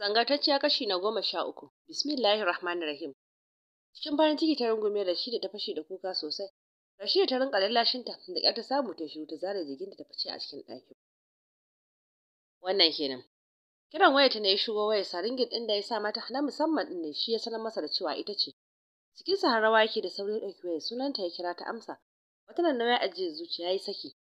sangartacciya kashi na goma sha uku Bismillahi rahmanir rahim cikin farin ciki ta rungume da ta fashe da kuka sosai rashida ta rinka lallashinta da ƙyar ta samu ta shiru ta zare jikinta ta fice a cikin ɗakin wannan kenan kiran wayarta ne ya shigo wayar saringin ɗin da ya sa mata na musamman ɗin ne shi ya sanar masa da cewa ita ce cikin sa rawa yake da saurin ɗauki waya, sunanta ya kira ta amsa wata nan ya ajiye zuciya ya yi saki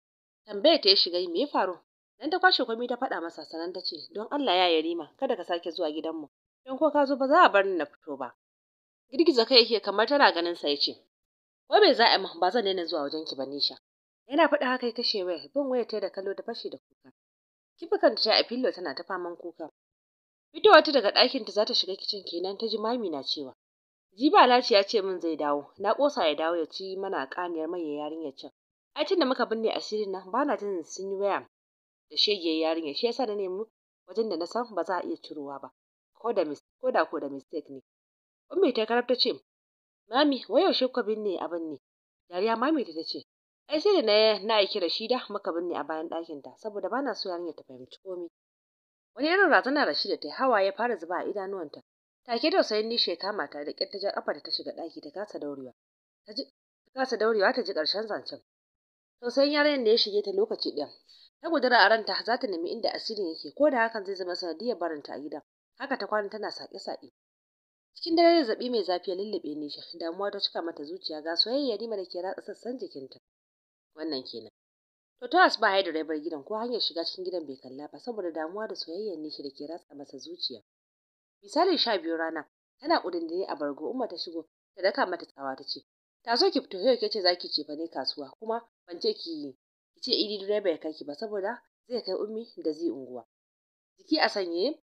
tambayar ta ya shiga yi, me ya faru Dan ta kwashe komai ta faɗa masa sannan ta ce, "Don Allah ya yarima, kada ka sake zuwa gidanmu, don ko ka zo ba za a bar ni na fito ba." Girgiza kai yake kamar tana ganin sa ya ce, "Ko me za a yi ba zan daina zuwa wajen ki ba Nisha." Yana faɗa haka ya kashe waya bin waya ta da kallo ta fashe da kuka. Kifukan ta a filo tana ta faman kuka. Fitowa ta daga ɗakin ta za ta shiga kicin kenan ta ji mami na cewa, "Jiba Alhaji ya ce min zai dawo, na ƙosa ya dawo ya ci mana ƙaniyar mai yarinyar can." Ai da muka binne asirin nan ba na jin sun yi waya da shegiyar yarinya shi yasa na nemi wajen da na san ba za a iya cirowa ba ko da ko da ko da mistake ne ummi ta karabta ce mami wai yaushe ku binne abin ne dariya mami ta ce ai sai da na na aiki Rashida muka binne a bayan ɗakin ta saboda bana so yarinya ta fahimci komai wani irin razana Rashida ta hawa ya fara zuba a idanuwanta ke tausayin nishe kama ta da ƙyar ta ja kafa da ta shiga ɗaki ta kasa daurewa ta kasa daurewa ta ji ƙarshen zancen sosai yarinyar da ya shige ta lokaci ɗaya Ta gudura a ranta za ta nemi inda asirin yake ko da hakan zai zama sanadiyar barinta a gidan. Haka ta kwana tana sake sake Cikin dare da zabi mai zafi ya lullube ni damuwa ta cika mata zuciya ga soyayya Rima da ke ratsa sassan jikinta. Wannan kenan. To ta asuba ya direbar gidan ko hanyar shiga cikin gidan bai kalla ba saboda damuwa da soyayya ne shi da ke ratsa masa zuciya. misali sha biyu rana tana ƙudundune a bargo umma ta shigo ta daka mata tsawa ta ce ta so ki fito yau ke ce za ki cefa ne kasuwa kuma ban ce ki ce idi direba ya kai ki ba saboda zai kai ummi da zai unguwa jiki a sanye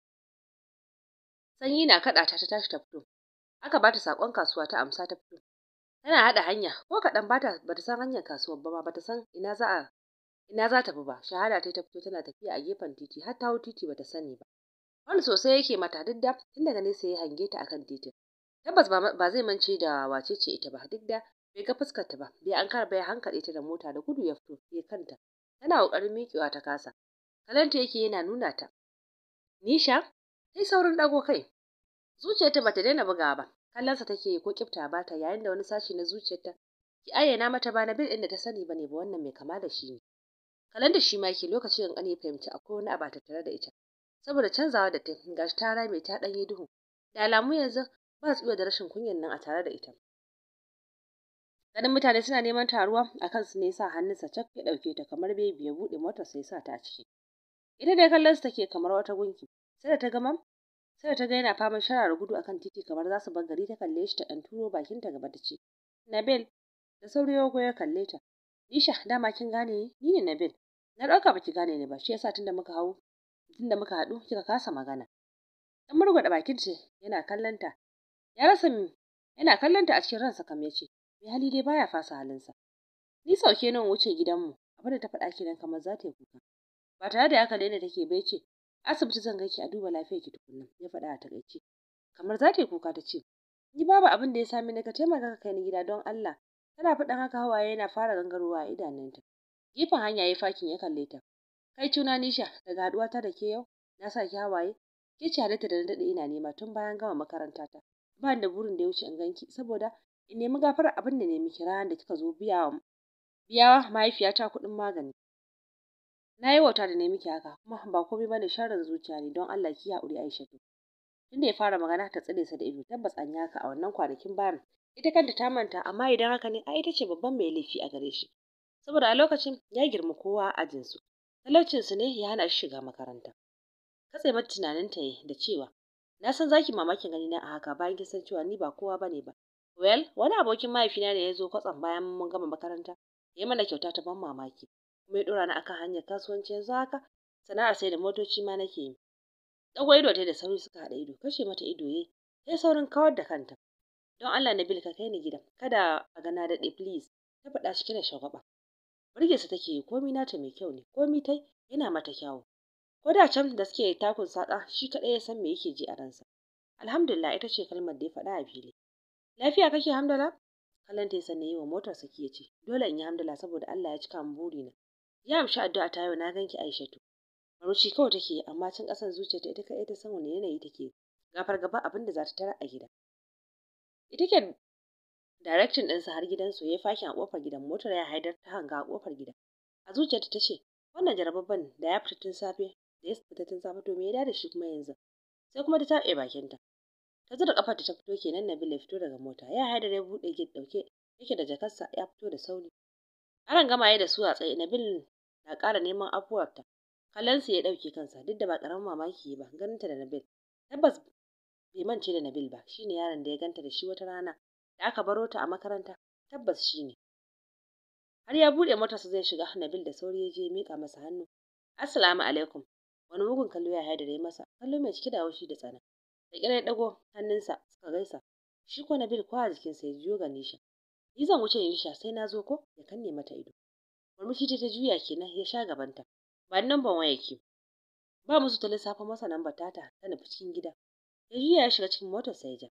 sanyi na kaɗata ta tashi ta fito aka bata sakon kasuwa ta amsa ta fito tana haɗa hanya ko kaɗan bata bata san hanyar kasuwar ba bata san ina za a ina za ta bi ba shahada ta fito tana tafiya a gefen titi har ta hau titi bata sani ba wani sosai yake mata duk da tun daga nesa ya hange ta akan titin tabbas ba zai mance da wace ita ba duk da bai ga ta ba bai an kara ya hankali ta da mota da gudu ya fito ya kanta tana kokarin mikewa ta kasa kalanta yake yana nuna ta nisha sai saurin ɗago kai zuciyarta bata daina bugawa ba kallonsa take yi ko kifta ba ta yayin da wani sashi na zuciyarta ki ayyana mata ba na bin ɗin da ta sani bane ba wannan mai kama da shi ne kalanda shi ma yake lokacin ƙani ya fahimci akwai wani abu a tare da ita saboda canzawa da ta gashi ta rame ta ɗanye duhu da alamu yanzu ba su da rashin kunyan nan a tare da ita ganin mutane suna neman taruwa a kansu ne sa hannunsa cak ya ɗauke ta kamar bebi ya buɗe motar sai sa ta ciki ita dai kallon su take kamar wata gunki sai da ta gama sai da ta ga yana faman sharar gudu akan titi kamar za su bar gari ta kalle shi ta ɗan turo bakin ta gaba ta ce Nabil da sauri ya goya kalle ta Nisha dama kin gane ni ne Nabil na ɗauka baki gane ni ba shi yasa tunda muka hau tunda muka haɗu kika kasa magana dan murgwada bakin ce yana kallon ta ya rasa yana kallon ta a cikin ransa kam yace mai dai baya fasa halinsa ni sauke nan wuce gidanmu abin da ta faɗa kenan kamar za ta yi kuka ba tare da aka daina take bai ce asibiti zan kai ki a duba lafiyar ki tukunna ya faɗa a takaice kamar za ta yi kuka ta ce ni babu abin da ya sami na ka taimaka ka kai ni gida don Allah tana faɗin haka hawaye yana fara gangarowa a idanunta gefen hanya ya fakin ya kalle ta kai cuna nisha daga haɗuwa ta da ke yau na sa ki hawaye ke ce halitta da na daɗe ina nema tun bayan gama makaranta ta ba da burin da ya wuce in ganki saboda in nemi gafarar abin da nemi kira da kika zo biya biya mahaifiyata kuɗin magani na yi wauta da nemi miki haka kuma ba komai ne sharar zuciya ne don Allah ki haƙuri Aisha tun da ya fara magana ta tsare sa da ido tabbas an yi haka a wannan kwanakin bayan ita kanta ta manta amma idan haka ne ai ita ce babban mai laifi a gare shi saboda a lokacin ya girma kowa a ajinsu su ne ya hana shi shiga makaranta katse mata ta yi da cewa na san zaki mamakin gani na a haka bayan kin san cewa ni ba kowa bane ba Well, wani abokin mahaifina da ya zo kwatsam bayan mun gama makaranta, ya yi mana kyauta ta ban mamaki, kuma ya ɗora ni akan hanyar kasuwanci yanzu haka sana'ar sai da motoci ma nake yi. Ɗago ido ta da sauri suka haɗa ido, kashe mata ido ya ta yi saurin kawar da kanta. Don Allah na bil ka kai ni gida, kada a gana da daɗe please, ta faɗa cike da shagwaɓa. Burgesa take yi, komi nata mai kyau ne, komi tai yana mata kyawu. Ko da can da suke takun saƙa shi kaɗai ya san me yake ji a ransa. Alhamdulillah ita ce kalmar da ya faɗa a fili. Lafiya kake Hamdala? Kallon ta sannan yi wa motar saki ya ce, Dole in yi Hamdala saboda Allah ya cika min na Ya amshi addu'a ta yau na ganki Aishatu. Maruci kawai take amma cin ƙasan ta ita kaɗai ta san wani yanayi take. Ga fargaba abin da za ta tara a gida. Ita ke direction ɗinsa har gidan su, ya fakin a kofar gidan motar ya haidar ta hanga a ƙofar gida. A zuciyarta ta ce, Wannan jarababban da ya fita tun safe da ya fita tun safe to me ya da shi kuma yanzu? Sai kuma ta taɓe bakinta. ta zura kafa ta fito kenan Nabil ya fito daga mota ya haidar ya buɗe gate ɗauke yake da jakarsa ya fito da sauri aran gamaye da su a tsaye Nabil na ƙara neman afuwarta kallonsa ya ɗauke kansa duk da ba ƙaramin mamaki ba ganinta da Nabil tabbas bai mance da Nabil ba shine yaron da ya ganta da shi wata rana da aka baro ta a makaranta tabbas shine har ya buɗe motarsa zai shiga Nabil da sauri ya je ya miƙa masa hannu assalamu alaikum wani mugun kallo ya haidar masa kallo mai cike da haushi da tsana da ƙyar ya ɗago hannunsa suka gaisa shi ko Nabil ko a jikinsa ya juyo ga Nisha ni zan wuce Nisha sai na zo ko ya kanne mata ido murmushi ta ta juya kenan ya sha gabanta ba nan ban waye ke. ba musu ta lissafa masa nan batata ta nufi cikin gida ya juya ya shiga cikin motar ya ja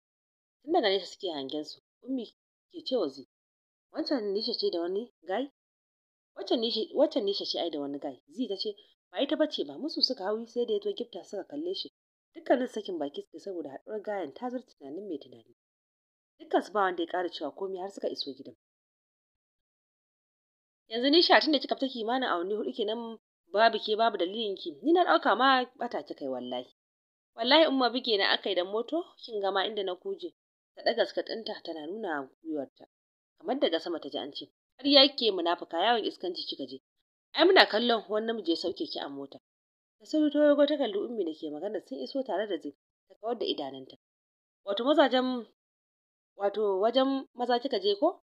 tun daga nesa suke hangen su ummi ke ce wa zi wancan Nisha ce da wani gai wancan nisha ce ai da wani gai zi ta ce ba ita bace ba musu suka hauyi sai da ya zo gifta suka kalle shi dukkanin sakin baki suke saboda haɗuwar gayan ta tunanin mai tunani dukkansu ba wanda ya ƙara cewa komai har suka iso gidan yanzu ni sha da kika fita kimanin awanni hudu kenan babu ke babu dalilin ki ni na ɗauka ma bata kai, wallahi wallahi umma bige na akai da moto kin gama inda na kuje ta ɗaga skatinta tana nuna gwiwarta kamar daga sama ta ji an ce har yake munafuka yawon iskanci kika je ai muna kallon wani namiji ya sauke ki a mota da sauri ta yago ta kalli ummi da ke magana sun iso tare da zai ta kawar da idanunta wato mazajen wato wajen maza kika je ko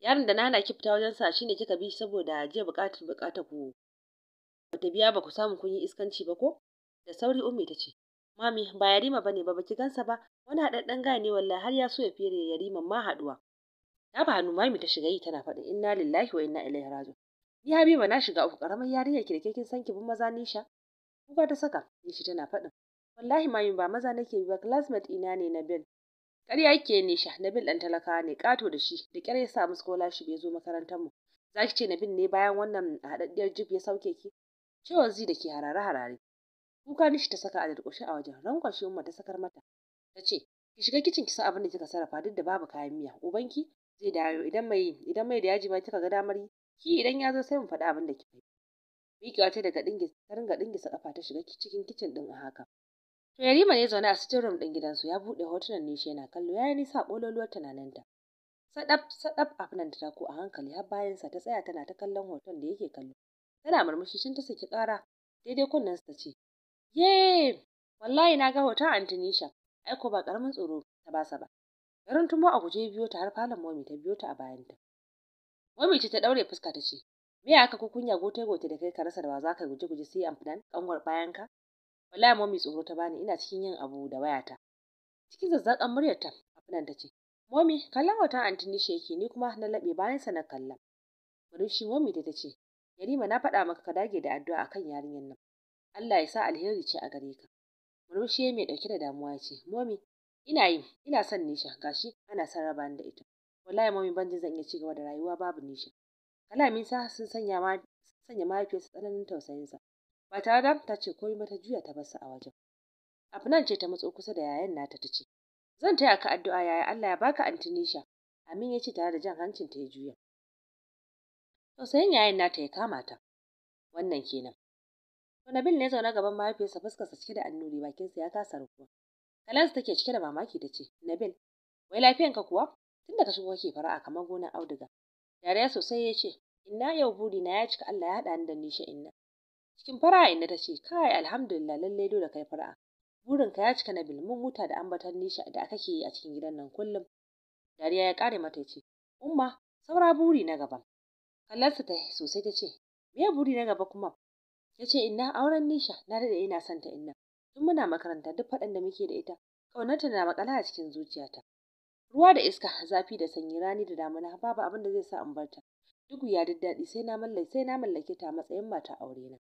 yaron da nana ki fita wajen sa shine kika bi saboda jiya buƙatar bukatar ku bata biya ba ku samu kun yi iskanci ba ko da sauri ummi ta ce mami ba yarima bane ba baki gansa ba wani haɗaɗɗen gaya ne wallahi har ya so ya fere yariman ma haɗuwa ta ba hannu mami ta shiga yi tana faɗin inna lillahi wa inna ilaihi raji'un ni habiba na shiga uku karamar yarinyar ke da ke kin san ki bin maza nisha kuka ta saka nishi tana faɗin wallahi yin ba maza nake bi ba classmate ina ne na bil. ƙarya yake nisha Na bil ɗan talakawa ne ƙato da shi da ƙyar ya samu scholarship ya zo makarantar mu zaki ce na bil ne bayan wannan haɗaɗɗiyar jib ya sauke ki cewa zi da ke harare harare kuka nishi ta saka a durƙushe a wajen rankwashe umma ta sakar mata ta ce ki shiga kicin ki san abin da kika sarrafa duk da babu kayan miya ubanki zai dawo idan mai idan mai da yaji ma kika ga damar yi ki idan ya zo sai mu faɗi abin da kika yi miƙewa ce daga ɗingis ta ringa ɗingisa ƙafa ta shiga cikin kicin ɗin a haka to yarima ne zaune a sitting room ɗin gidansu ya buɗe hotunan shi yana kallo ya yi nisa ƙololuwar tunaninta sadaf sadaf afinan ta ko a hankali har bayansa ta tsaya tana ta kallon hoton da yake kallo tana murmushi tun ta saki ƙara daidai kunnensa ta ce ye wallahi na ga hoton antinisha ai ko ba ƙaramin tsoro ta basa ba garin tumo a guje biyo ta har falon momi ta biyo ta a bayanta Momi ce ta daure fuska ta ce, "Me ya aka kunya gote gote da kai ka rasa da ba za ka guje guje sai amfidan kanwar bayan ka?" Wallahi momi tsoro ta bani ina cikin yin abu da wayata. Cikin zazzakan muryar ta amfidan ta ce, "Momi kallon wata antin shi yake ni kuma na laɓe bayan sa na kalla." Murmushi momi ta ce, "Yarima na faɗa maka ka dage da addu'a kan yarinyar nan. Allah ya sa alheri ce a gare ka." Murmushi mai dauke da damuwa ya ce, "Momi ina yi ina son Nisha gashi ana son raba ni da ita." wallahi mami ban jin zan iya ci gaba da rayuwa babu nisha kalamin sa sun sanya ma sanya mahaifiyarsa tsananin sa ba tare da ta ce komai ba ta juya ta barsa a wajen afnan ce ta matso kusa da yayan nata ta ce zan taya ka addu'a yaya Allah ya baka antinisha amin ya ce tare da jan hancin ta ya juya tausayin yayan nata ya kama ta wannan kenan to Nabil ne zaune gaban mahaifiyarsa fuskarsa cike da annuri bakinsa ya kasa rufuwa kalansa take cike da mamaki ta ce Nabil wai lafiyanka kuwa tunda ta shigo fara'a kamar gonar auduga dariya sosai ya ce inna yau burina ya cika Allah ya haɗa ni da nisha inna cikin fara'a inna ta ce kai alhamdulillah lallai dole kai fara'a burinka ya cika na bilmin wuta da ambatar nisha da kake yi a cikin gidan nan kullum dariya ya kare mata ce umma saura buri na gaba kallarsa ta sosai ta ce me buri na gaba kuma ya ce inna auren nisha na daɗe ina son ta inna tun muna makaranta duk faɗin da muke da ita ƙaunarta na maƙala a cikin zuciyata ruwa da iska zafi da sanyi rani da damina babu abin da zai sa in barta duk ya daddaɗi sai na mallake sai na mallake ta matsayin mata aure na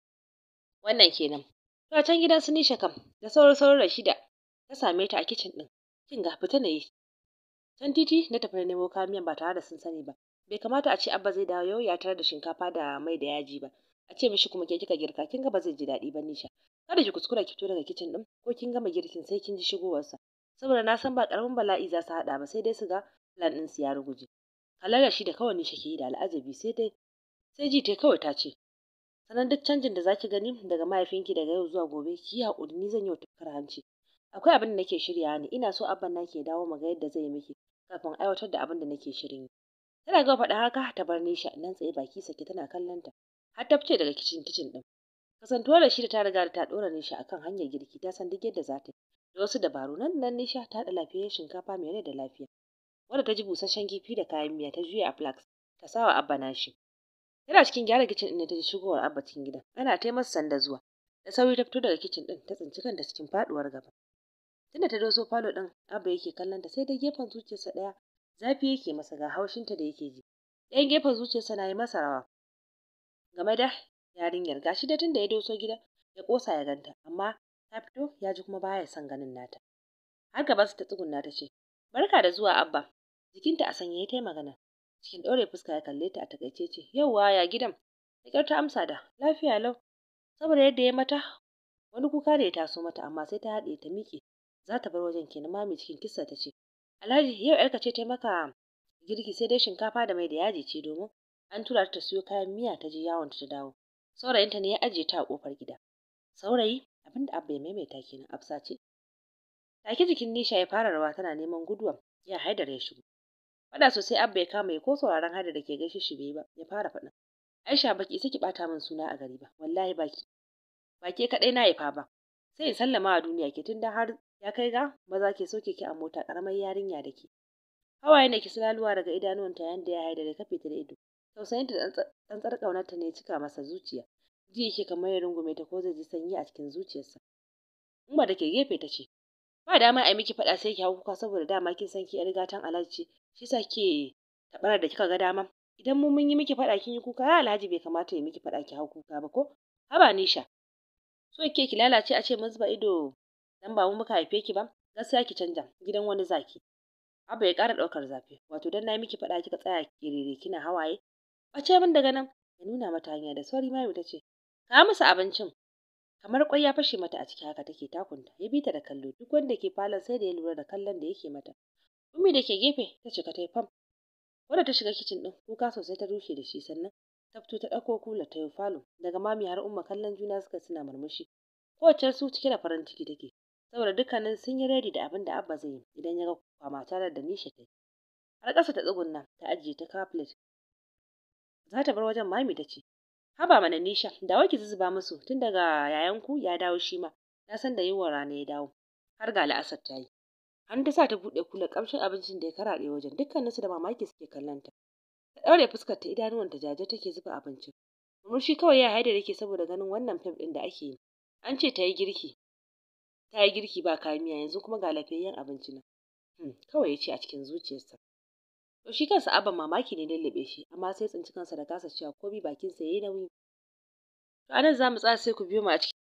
wannan kenan to can gidan su nisha kam da sauran sauran Rashida ta same ta a kicin din kin ga fita yi? can titi na tafi na nemo kayan miyan ba tare da sun sani ba bai kamata a ce abba zai dawo yau ya tare da shinkafa da mai da yaji ba a ce mishi kuma ke kika girka kin ga ba zai ji daɗi ba nisha kada ki kuskura ki fito daga kicin din ko kin gama girkin sai kin ji shigowarsa saboda na san ba karamin bala'i za su haɗa ba sai dai su ga plan ɗinsu ya ruguje kalar da shi da kawai ke yi da al'ajabi sai dai sai ji ta kawai ta ce sanan duk canjin da zaki gani daga mahaifinki daga yau zuwa gobe ki yi haƙuri ni zan yi tafkar hanci akwai abin da nake shirya ne ina so abban na ke dawo mu maga yadda zai miki kafin aiwatar da abin da nake shirin yi tana ga faɗa haka ta bar nisha nan tsaye baki sake tana kallon ta har ta fice daga kicin kicin din kasantuwar da shi da ta riga da ta ni nisha akan hanyar girki ta san duk yadda za ta yi da wasu dabaru nan nan nisha ta haɗa lafiyar shinkafa mai rai da lafiya wadda ta ji busasshen kifi da kayan miya ta juya a flax ta sawa abba nashi Yana cikin gyara kicin ɗin ta ji shigowar abba cikin gidan ana ta masa sanda zuwa da sauri ta fito daga kicin ɗin ta tsinci kanta cikin faɗuwar gaba tunda ta doso falo ɗin abba yake kallon ta sai dai gefen zuciyarsa ɗaya zafi yake masa ga haushinta da yake ji ɗayan gefen zuciyarsa na yi masa rawa game da yarinyar gashi da tunda ya doso gida ya ƙosa ya ganta amma ta fito ya ji kuma baya son ganin nata har gaba su ta tsugunna ta ce barka da zuwa abba jikinta a sanye ta yi magana cikin ɗaure fuska ya kalle ta a takaice ce yauwa ya gidan da ta amsa da lafiya lau saboda yadda ya mata wani kuka ne ya taso mata amma sai ta haɗe ta miƙe za ta bar wajen kenan mami cikin kissa ta ce alhaji yau yarka ce ta maka girki sai dai shinkafa da mai da yaji ce domin an tura ta siyo kayan miya ta je yawon ta dawo saurayinta ne ya ajiye ta a kofar gida saurayi abin da abba ya maimaita kenan afsa ce take jikin nisha ya fara rawa tana neman guduwa ya haidar ya shigo faɗa sosai abba ya kama ya ko sauraron haidar da ke gaishe shi bai ba ya fara faɗa aisha baki ki bata min suna a gari ba wallahi baki baki kadai na haifa ba sai in sallama a duniya ke tunda har ya kai ga maza ke soke ki a mota karamar yarinya da ke hawaye ne ki sulaluwa daga idanuwanta yanda ya haida da kafe ta da ido tausayinta da tsantsar ƙaunarta ne cika masa zuciya ji yake kamar ya rungume ta ko zai ji sanyi a cikin zuciyarsa umma da ke gefe ta ce ba dama a miki faɗa sai ki hau kuka saboda dama kin san ki yar gatan alhaji ce shi sa ke taɓarar da kika ga dama idan mu mun yi miki faɗa kin yi kuka alhaji bai kamata ya miki faɗa ki hau kuka ba ko haba nisha so ke ki lalace a ce mun zuba ido dan ba mu muka haife ki ba gaskiya ki canja gidan wani zaki Abba ya ƙara ɗaukar zafi, wato dan na miki faɗa kika tsaya kirere kina hawaye. Bace min daga nan, ya nuna mata hanya da sauri Mayu ta ce, Ka musu abincin kamar kwai ya fashe mata a ciki haka take takunta ya bita da kallo duk wanda ke falon sai da ya lura da kallon da yake mata ummi da ke gefe ta cika ta yi wadda ta shiga kicin din kuka sosai ta rushe da shi sannan ta fito ta ɗauko kula ta yi falo daga mami har umma kallon juna suka suna murmushi kowace su cike da farin ciki take saboda dukkanin sun yi redi da abin da abba zai yi idan ya ga kwama tare da nishi ta har kasa ta tsugunna ta ajiye ta kaflet za ta bar wajen mami ta ce haba mana nisha dawo ki zuzuba musu tun daga yayanku ya dawo shi ma na san da yiwa rana ya dawo har ga la'asar ta yi hannu ta sa ta buɗe kula kamshin abincin da ya karaɗe wajen dukkaninsu da mamaki suke kallon ta ta ɗaure fuskar ta idanuwan ta jaje take zuba abincin murmushi kawai ya haida yake saboda ganin wannan fim ɗin da ake yi an ce ta yi girki ta yi girki ba kayan miya yanzu kuma ga lafiyayyen abinci nan hmm, kawai ya ce a cikin zuciyarsa To shi kansa abban mamaki ne lullube shi, amma sai ya tsinci kansa da kasa cewa komai bakinsa ya yi nauyi. To a nan za mu tsaya sai ku biyo mu a cikin